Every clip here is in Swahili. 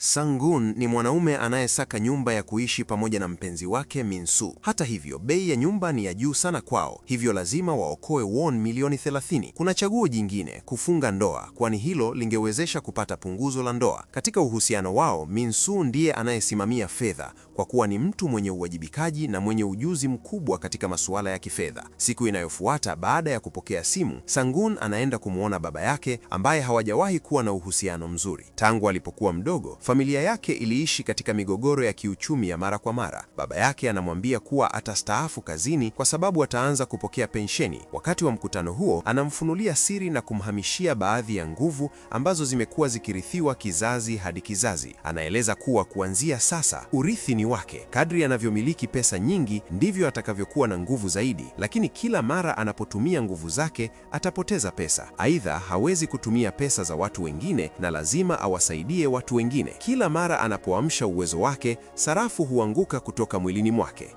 Sangun ni mwanaume anayesaka nyumba ya kuishi pamoja na mpenzi wake Minsu. Hata hivyo, bei ya nyumba ni ya juu sana kwao, hivyo lazima waokoe won milioni 30. Kuna chaguo jingine, kufunga ndoa, kwani hilo lingewezesha kupata punguzo la ndoa. Katika uhusiano wao, Minsu ndiye anayesimamia fedha kwa kuwa ni mtu mwenye uwajibikaji na mwenye ujuzi mkubwa katika masuala ya kifedha. Siku inayofuata baada ya kupokea simu, Sangun anaenda kumwona baba yake ambaye hawajawahi kuwa na uhusiano mzuri tangu alipokuwa mdogo. Familia yake iliishi katika migogoro ya kiuchumi ya mara kwa mara. Baba yake anamwambia kuwa atastaafu kazini kwa sababu ataanza kupokea pensheni. Wakati wa mkutano huo, anamfunulia siri na kumhamishia baadhi ya nguvu ambazo zimekuwa zikirithiwa kizazi hadi kizazi. Anaeleza kuwa kuanzia sasa urithi ni wake. Kadri anavyomiliki pesa nyingi, ndivyo atakavyokuwa na nguvu zaidi, lakini kila mara anapotumia nguvu zake atapoteza pesa. Aidha, hawezi kutumia pesa za watu wengine na lazima awasaidie watu wengine kila mara anapoamsha uwezo wake, sarafu huanguka kutoka mwilini mwake.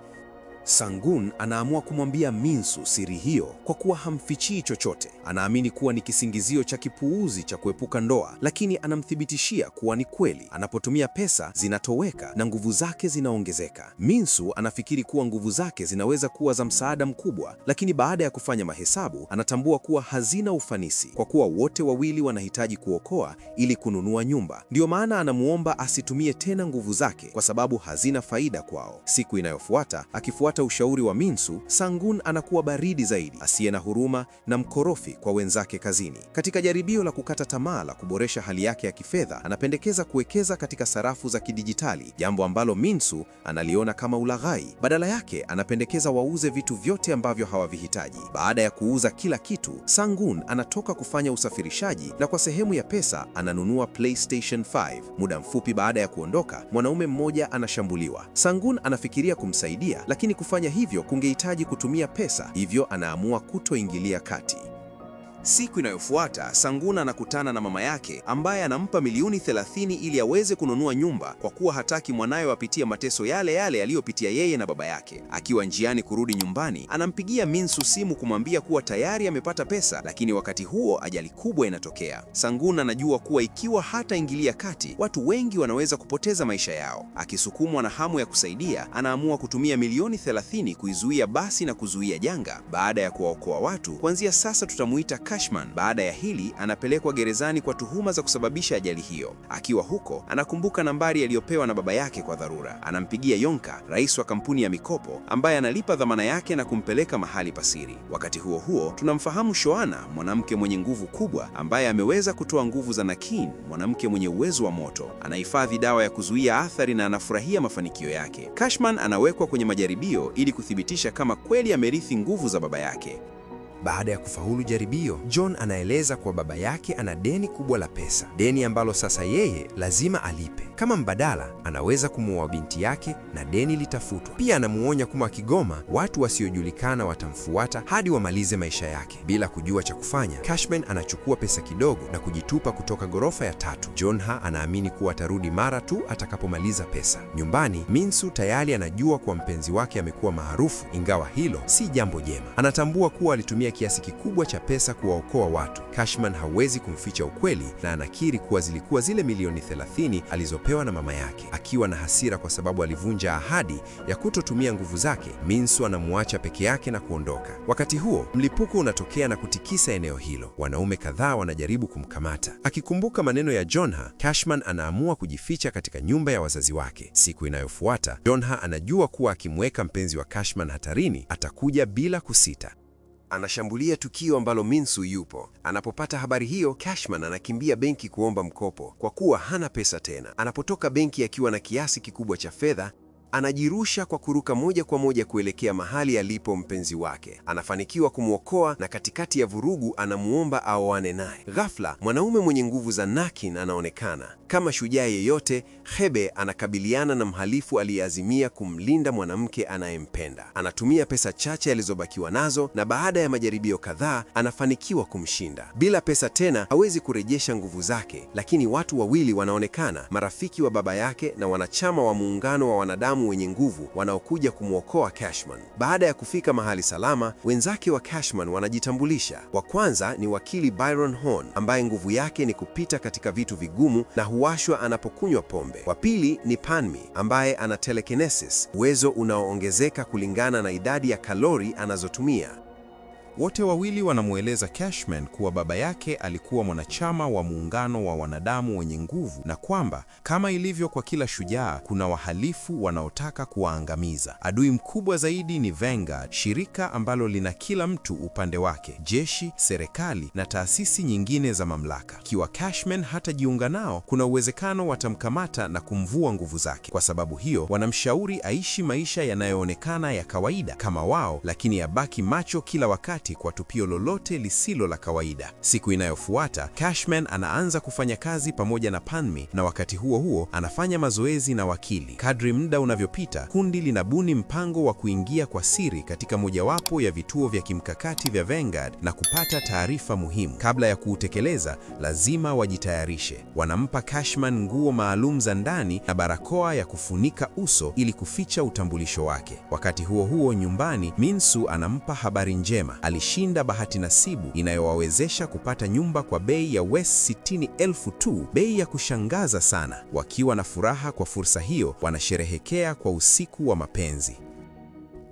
Sangun anaamua kumwambia Minsu siri hiyo kwa kuwa hamfichii chochote. Anaamini kuwa ni kisingizio cha kipuuzi cha kuepuka ndoa, lakini anamthibitishia kuwa ni kweli. Anapotumia pesa zinatoweka na nguvu zake zinaongezeka. Minsu anafikiri kuwa nguvu zake zinaweza kuwa za msaada mkubwa, lakini baada ya kufanya mahesabu anatambua kuwa hazina ufanisi, kwa kuwa wote wawili wanahitaji kuokoa ili kununua nyumba. Ndiyo maana anamuomba asitumie tena nguvu zake kwa sababu hazina faida kwao. Siku inayofuata akifuata kufuata ushauri wa Minsu, Sangun anakuwa baridi zaidi, asiye na huruma na mkorofi kwa wenzake kazini. Katika jaribio la kukata tamaa la kuboresha hali yake ya kifedha, anapendekeza kuwekeza katika sarafu za kidijitali, jambo ambalo Minsu analiona kama ulaghai. Badala yake, anapendekeza wauze vitu vyote ambavyo hawavihitaji. Baada ya kuuza kila kitu, Sangun anatoka kufanya usafirishaji na kwa sehemu ya pesa ananunua PlayStation 5. Muda mfupi baada ya kuondoka, mwanaume mmoja anashambuliwa. Sangun anafikiria kumsaidia, lakini kufanya hivyo kungehitaji kutumia pesa, hivyo anaamua kutoingilia kati. Siku inayofuata Sanguna anakutana na mama yake ambaye anampa milioni 30 ili aweze kununua nyumba kwa kuwa hataki mwanawe apitie mateso yale yale aliyopitia yeye na baba yake. Akiwa njiani kurudi nyumbani, anampigia Minsu simu kumwambia kuwa tayari amepata pesa, lakini wakati huo ajali kubwa inatokea. Sanguna anajua kuwa ikiwa hataingilia kati, watu wengi wanaweza kupoteza maisha yao. Akisukumwa na hamu ya kusaidia, anaamua kutumia milioni 30 kuizuia basi na kuzuia janga. Baada ya kuwaokoa watu, kuanzia sasa tutamuita Cashman baada ya hili anapelekwa gerezani kwa tuhuma za kusababisha ajali hiyo. Akiwa huko, anakumbuka nambari aliyopewa na baba yake kwa dharura. Anampigia Yonka, rais wa kampuni ya mikopo, ambaye analipa dhamana yake na kumpeleka mahali pasiri. Wakati huo huo, tunamfahamu Shoana, mwanamke mwenye nguvu kubwa ambaye ameweza kutoa nguvu za Nakin, mwanamke mwenye uwezo wa moto. Anahifadhi dawa ya kuzuia athari na anafurahia mafanikio yake. Cashman anawekwa kwenye majaribio ili kuthibitisha kama kweli amerithi nguvu za baba yake. Baada ya kufaulu jaribio, John anaeleza kuwa baba yake ana deni kubwa la pesa, deni ambalo sasa yeye lazima alipe. Kama mbadala, anaweza kumwoa binti yake na deni litafutwa. Pia anamuonya kuma akigoma, watu wasiojulikana watamfuata hadi wamalize maisha yake. Bila kujua cha kufanya, Cashman anachukua pesa kidogo na kujitupa kutoka ghorofa ya tatu. John Ha anaamini kuwa atarudi mara tu atakapomaliza pesa. Nyumbani, Minsu tayari anajua kuwa mpenzi wake amekuwa maarufu, ingawa hilo si jambo jema. Anatambua kuwa alitumia amechangia kiasi kikubwa cha pesa kuwaokoa watu. Cashman hawezi kumficha ukweli na anakiri kuwa zilikuwa zile milioni 30 alizopewa na mama yake. Akiwa na hasira kwa sababu alivunja ahadi ya kutotumia nguvu zake, Minsu anamuacha peke yake na kuondoka. Wakati huo, mlipuko unatokea na kutikisa eneo hilo. Wanaume kadhaa wanajaribu kumkamata. Akikumbuka maneno ya Jonha, Cashman anaamua kujificha katika nyumba ya wazazi wake. Siku inayofuata, Jonha anajua kuwa akimweka mpenzi wa Cashman hatarini, atakuja bila kusita anashambulia tukio ambalo Minsu yupo. Anapopata habari hiyo, Cashman anakimbia benki kuomba mkopo kwa kuwa hana pesa tena. Anapotoka benki akiwa na kiasi kikubwa cha fedha, Anajirusha kwa kuruka moja kwa moja kuelekea mahali alipo mpenzi wake. Anafanikiwa kumwokoa na katikati ya vurugu anamuomba aoane naye. Ghafla, mwanaume mwenye nguvu za Nakin anaonekana. Kama shujaa yeyote, Hebe anakabiliana na mhalifu aliyeazimia kumlinda mwanamke anayempenda. Anatumia pesa chache alizobakiwa nazo na baada ya majaribio kadhaa anafanikiwa kumshinda. Bila pesa tena, hawezi kurejesha nguvu zake, lakini watu wawili wanaonekana, marafiki wa baba yake na wanachama wa muungano wa wanadamu binadamu wenye nguvu wanaokuja kumwokoa Cashman. Baada ya kufika mahali salama, wenzake wa Cashman wanajitambulisha. Wa kwanza ni wakili Byron Horn ambaye nguvu yake ni kupita katika vitu vigumu na huwashwa anapokunywa pombe. Wa pili ni Panmi ambaye ana telekinesis, uwezo unaoongezeka kulingana na idadi ya kalori anazotumia. Wote wawili wanamweleza Cashman kuwa baba yake alikuwa mwanachama wa muungano wa wanadamu wenye nguvu na kwamba kama ilivyo kwa kila shujaa, kuna wahalifu wanaotaka kuwaangamiza. Adui mkubwa zaidi ni Vanguard, shirika ambalo lina kila mtu upande wake, jeshi, serikali na taasisi nyingine za mamlaka. Ikiwa Cashman hatajiunga nao, kuna uwezekano watamkamata na kumvua nguvu zake. Kwa sababu hiyo, wanamshauri aishi maisha yanayoonekana ya kawaida kama wao, lakini abaki macho kila wakati wakati kwa tukio lolote lisilo la kawaida. Siku inayofuata, Cashman anaanza kufanya kazi pamoja na Panmi na wakati huo huo anafanya mazoezi na wakili. Kadri muda unavyopita, kundi linabuni mpango wa kuingia kwa siri katika mojawapo ya vituo vya kimkakati vya Vanguard na kupata taarifa muhimu. Kabla ya kuutekeleza, lazima wajitayarishe. Wanampa Cashman nguo maalum za ndani na barakoa ya kufunika uso ili kuficha utambulisho wake. Wakati huo huo, nyumbani, Minsu anampa habari njema alishinda bahati nasibu inayowawezesha kupata nyumba kwa bei ya West sitini elfu tu, bei ya kushangaza sana. Wakiwa na furaha kwa fursa hiyo, wanasherehekea kwa usiku wa mapenzi.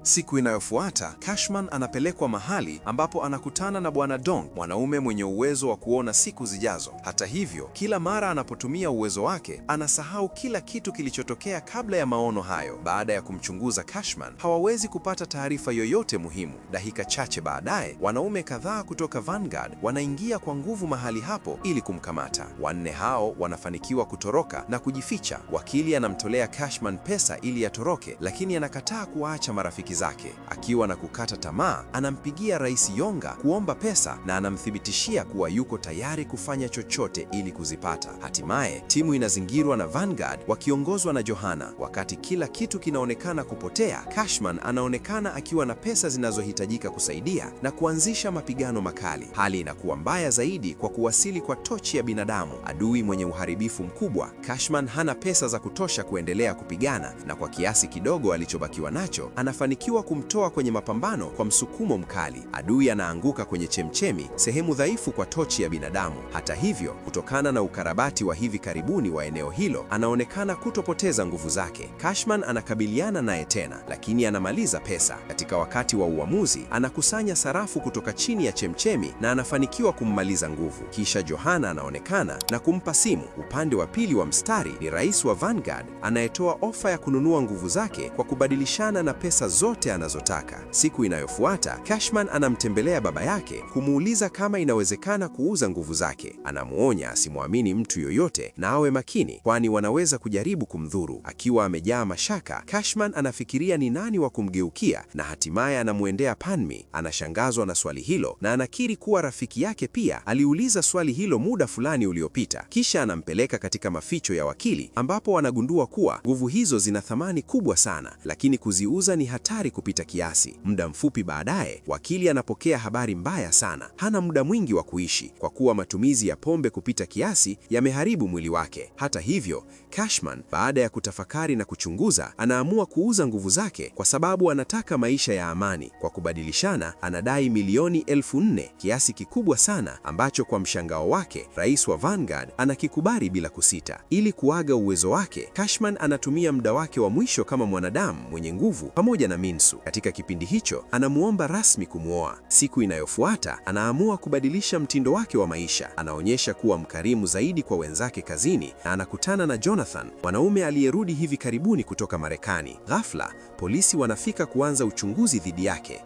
Siku inayofuata Cashman anapelekwa mahali ambapo anakutana na Bwana Dong, mwanaume mwenye uwezo wa kuona siku zijazo. Hata hivyo, kila mara anapotumia uwezo wake anasahau kila kitu kilichotokea kabla ya maono hayo. Baada ya kumchunguza Cashman, hawawezi kupata taarifa yoyote muhimu. Dakika chache baadaye, wanaume kadhaa kutoka Vanguard wanaingia kwa nguvu mahali hapo ili kumkamata. Wanne hao wanafanikiwa kutoroka na kujificha. Wakili anamtolea Cashman pesa ili atoroke, lakini anakataa kuwaacha marafiki rafiki zake. Akiwa na kukata tamaa, anampigia Rais Yonga kuomba pesa na anamthibitishia kuwa yuko tayari kufanya chochote ili kuzipata. Hatimaye timu inazingirwa na Vanguard wakiongozwa na Johanna. Wakati kila kitu kinaonekana kupotea, Cashman anaonekana akiwa na pesa zinazohitajika kusaidia na kuanzisha mapigano makali. Hali inakuwa mbaya zaidi kwa kuwasili kwa tochi ya binadamu, adui mwenye uharibifu mkubwa. Cashman hana pesa za kutosha kuendelea kupigana na kwa kiasi kidogo alichobakiwa nacho anafanikiwa anafanikiwa kumtoa kwenye mapambano kwa msukumo mkali. Adui anaanguka kwenye chemchemi, sehemu dhaifu kwa tochi ya binadamu. Hata hivyo, kutokana na ukarabati wa hivi karibuni wa eneo hilo, anaonekana kutopoteza nguvu zake. Cashman anakabiliana naye tena, lakini anamaliza pesa. Katika wakati wa uamuzi, anakusanya sarafu kutoka chini ya chemchemi na anafanikiwa kummaliza nguvu. Kisha Johanna anaonekana na kumpa simu. Upande wa pili wa mstari ni rais wa Vanguard anayetoa ofa ya kununua nguvu zake kwa kubadilishana na pesa zote zote anazotaka. Siku inayofuata, Cashman anamtembelea baba yake kumuuliza kama inawezekana kuuza nguvu zake. Anamwonya asimwamini mtu yoyote na awe makini, kwani wanaweza kujaribu kumdhuru. Akiwa amejaa mashaka, Cashman anafikiria ni nani wa kumgeukia na hatimaye anamwendea Panmi. Anashangazwa na swali hilo na anakiri kuwa rafiki yake pia aliuliza swali hilo muda fulani uliopita. Kisha anampeleka katika maficho ya wakili ambapo wanagundua kuwa nguvu hizo zina thamani kubwa sana, lakini kuziuza ni hatari hatari kupita kiasi. Muda mfupi baadaye, wakili anapokea habari mbaya sana. Hana muda mwingi wa kuishi kwa kuwa matumizi ya pombe kupita kiasi yameharibu mwili wake. Hata hivyo, Cashman baada ya kutafakari na kuchunguza, anaamua kuuza nguvu zake kwa sababu anataka maisha ya amani. Kwa kubadilishana, anadai milioni elfu nne, kiasi kikubwa sana ambacho kwa mshangao wake, rais wa Vanguard anakikubali bila kusita. Ili kuaga uwezo wake, Cashman anatumia muda wake wa mwisho kama mwanadamu mwenye nguvu pamoja na Minsu. Katika kipindi hicho, anamwomba rasmi kumwoa. Siku inayofuata, anaamua kubadilisha mtindo wake wa maisha. Anaonyesha kuwa mkarimu zaidi kwa wenzake kazini na anakutana na Jonathan, mwanaume aliyerudi hivi karibuni kutoka Marekani. Ghafla, polisi wanafika kuanza uchunguzi dhidi yake.